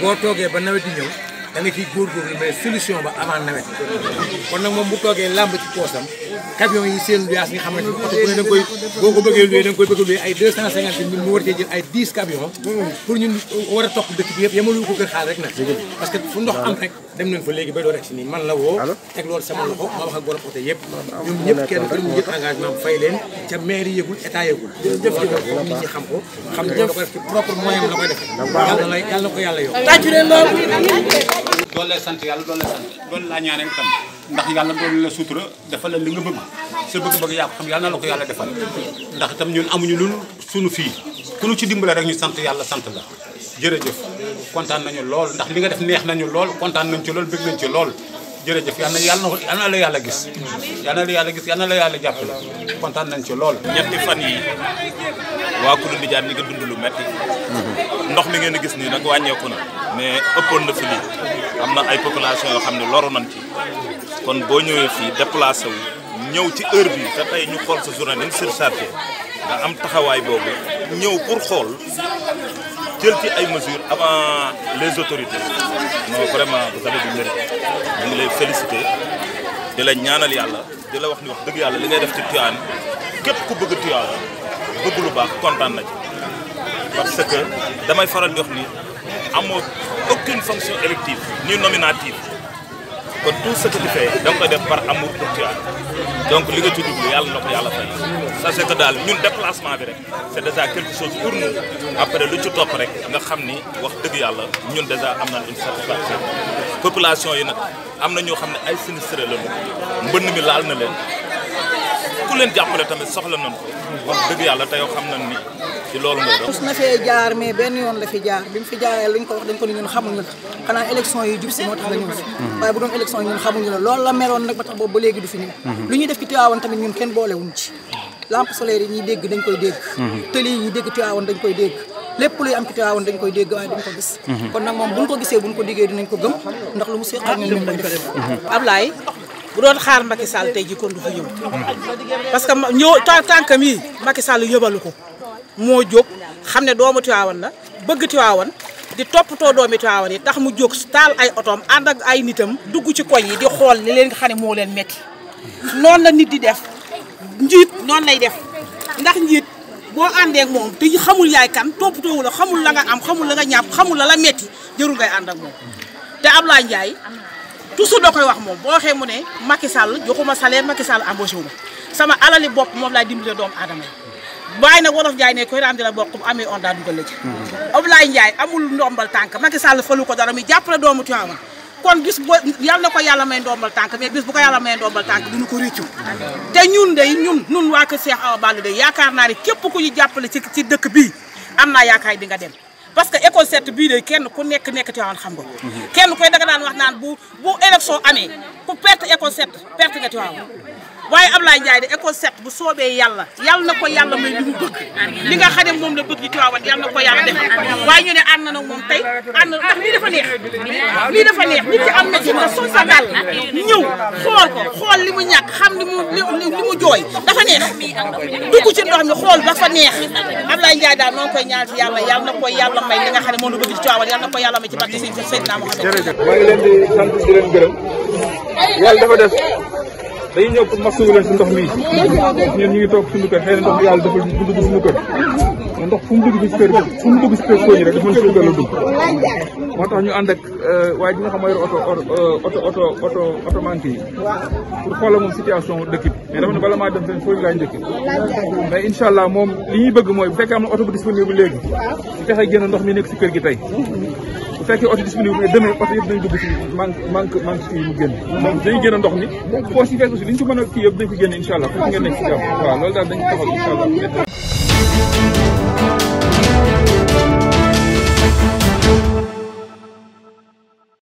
boo toogee ba nawet yi ñëw da nga ciy góorgóorlu mais solution ba avant nawet kon nag moom bu toogee làmb ci poosam camion yi seen luyaas nga xamante ni oto bu ne da nga koy boo ko bëggee luye da nga koy bëgg luye ay deux cent cinquante mille mu war cee jël ay dix camions pour ñun war a topp dëkk bi yëpp yamalu ko kër xaal rek nag parce que fu ndox am rek dem nañ fa léegi bay doo rek si nii man la woo teg loolu sama loxo ma wax ak borom oto yëpp ñoom ñëpp kenn ku ñu jël engagement bu fay leen ca maire yëgul état yëgul jëf ci ko nit ñi xam ko xam ne da ko def ci propre moyen la koy def yàlla lay yàlla ko yàlla yokk doolu lay sant yàlla doolu lay sant doolu laa ñaanal itam ndax yàlla doolu la sutura defal la li nga bëgg sa bëgg-bëgg yaa xam yàlla na la ko yàlla defal ndax itam ñun amuñu lu sunu fii ku nu ci dimbale rek ñu sant yàlla sant la jërëjëf kontaan nañu lool ndax li nga def neex nañu lool kontaan nañu ci lool bëgg nañu ci lool jërëjëf yal na yal na la yàlla gis yal la yàlla gis yal na la yàlla jàppale kontaan nañ ci lool. ñetti fan yi waa Kulu Ndiaane ñu ngi dund lu metti mhm. ndox mi ngeen gis nii nag wàññeeku na mais ëppoon na fi am na ay population yoo xam ne loru nañ ci kon boo ñëwee fii déplacé wu ñëw ci heure bi te tey ñu xool sa journée dañ surchargé nga am taxawaay boobu ñëw pour xool jël ci ay mesures avant les autorités non vraiment vous avez du mérite ñu ngi lay félicité di la ñaanal yàlla di la wax ni wax deug yàlla li ngay def ci Tivaouane kep ku bëgg Tivaouane bëgg lu baax kontaan na ci parce que damay faral di wax ni amoo aucune fonction élective ni nominative kon tout ce que tu fais da nga koy def par amour pour Tivaouane donc li nga ci jublu yàlla na ko yàlla fay sachez que daal ñun déplacement bi rek c'est déjà quelque chose pour nous après lu ci topp rek nga xam ni wax dëgg yàlla ñun déjà am nañ une satisfaction population yi nag am na ñoo xam ne ay sinistrés la mbënn mi laal na leen leen jàppale tamit soxla yoon la fi jaar la xanaa élection yi jub si moo tax la la loolu la meroon nag mhm. lu ñuy def ci Tivaouane tamit ñun kenn boolewuñ ci lampe solaire yi ñuy dégg dañ mhm. dañ koy dégg lépp luy am ci Tivaouane dañ koy dégg waaye duñ ko gis mhm. kon nag moom buñ ko gisee buñ ko diggee dinañ ko gëm ndax lu mu seqal ñun ñu ko def Ablaye bu doon xaar Macky Sall tey jii kon du fa ñëw. parce que ñëw tànkam yi Macky Sall yóbbalu ko moo jóg xam ne doomu Tiwaawan la bëgg Tiwaawan di toppatoo doomi Tiwaawan yi tax mu jóg taal ay otoom ànd ak ay nitam dugg ci koñ yi di xool li leen xam moo leen metti noonu la nit di def njiit noon lay def ndax njiit boo àndee ak moom te xamul yaay kan toppatoowu la xamul la ga am xamul la nga ñàpp xamul la la metti jërul ngay ànd ak moom te Ablaye Ndiaye toujours da koy wax moom boo waxee mu ne Macky Sall joxuma salaire Macky Sall embauché wu ma sama alali bopp moom laay dimbale doomu aadama yi waaye na wolof Ndiaye ne koy raam di la bokk bu amee on daa dugal la ci. Abdoulaye Ndiaye amul ndombal tànk Macky Sall falu ko dara muy jàppale doomu Tivaouane kon bis boo yal na ko yàlla may ndombal tànk mais bis bu ko yàlla may ndombal tànk duñu ko rëccu. te ñun day ñun ñun waa kër Cheikh Awa Balla yaakaar naa ne képp ku ñu jàppale ci ci dëkk bii am naa yaakaar di nga dem. parce que école set bii de kenn ku nekk nekk Tiwaawan xam nga kenn koy daga daan wax naan bu bu élection amee ku perte école set perte nga Tiwaawan waaye Ablaye Ndiaye de école set bu soobee yàlla yàlla na ko yàlla may li mu li nga xam ne moom la bëgg ci Tiwaawan yàlla na ko yàlla def waaye ñu ne ànd na nag moom tey ànd ndax lii dafa na ci nga sol sa dàll ñëw xool ko xool li mu ñàkk xam li mu li mu jooy dafa neex dugg ci ndox mi xool dafa neex Ablaye Ndiaye daal noo ngi koy ñaan ci na ko yàlla may li xam ne moom la bëgg ci Tiwaawan yàlla yàlla may ci barke leen di sant di leen dañuy ñëw pour masuwu leen si ndox mi ñun ñu ngi toog suñu kër xëy na ndox mi yàlla defal ñu dund suñu kër ndox fu mu dugg bi si kër fu mu dugg si kër koo ñi rek dafa mën suuf la moo tax ñu ànd ak euh, waaye ji xam mooy euh, oto oto oto oto oto manqué yi pour xoolal moom situation dëkk bi mais dafa ne bala maa incha allah moom li ñuy bëgg mooy bu fekkee oto bu disponible léegi ñu fexe ndox mi nekk si kër gi tey bu fekkee oto disponible mais demee oto yëpp dañu dugg si manque manque manque si mu génn moom dañu génn ndox mi foo si fekk aussi li ñu ko mën a kii yëpp dañ ko génn incha allah foofu ngeen nekk si jàmm waaw loolu daal dañ ko taxal incha allah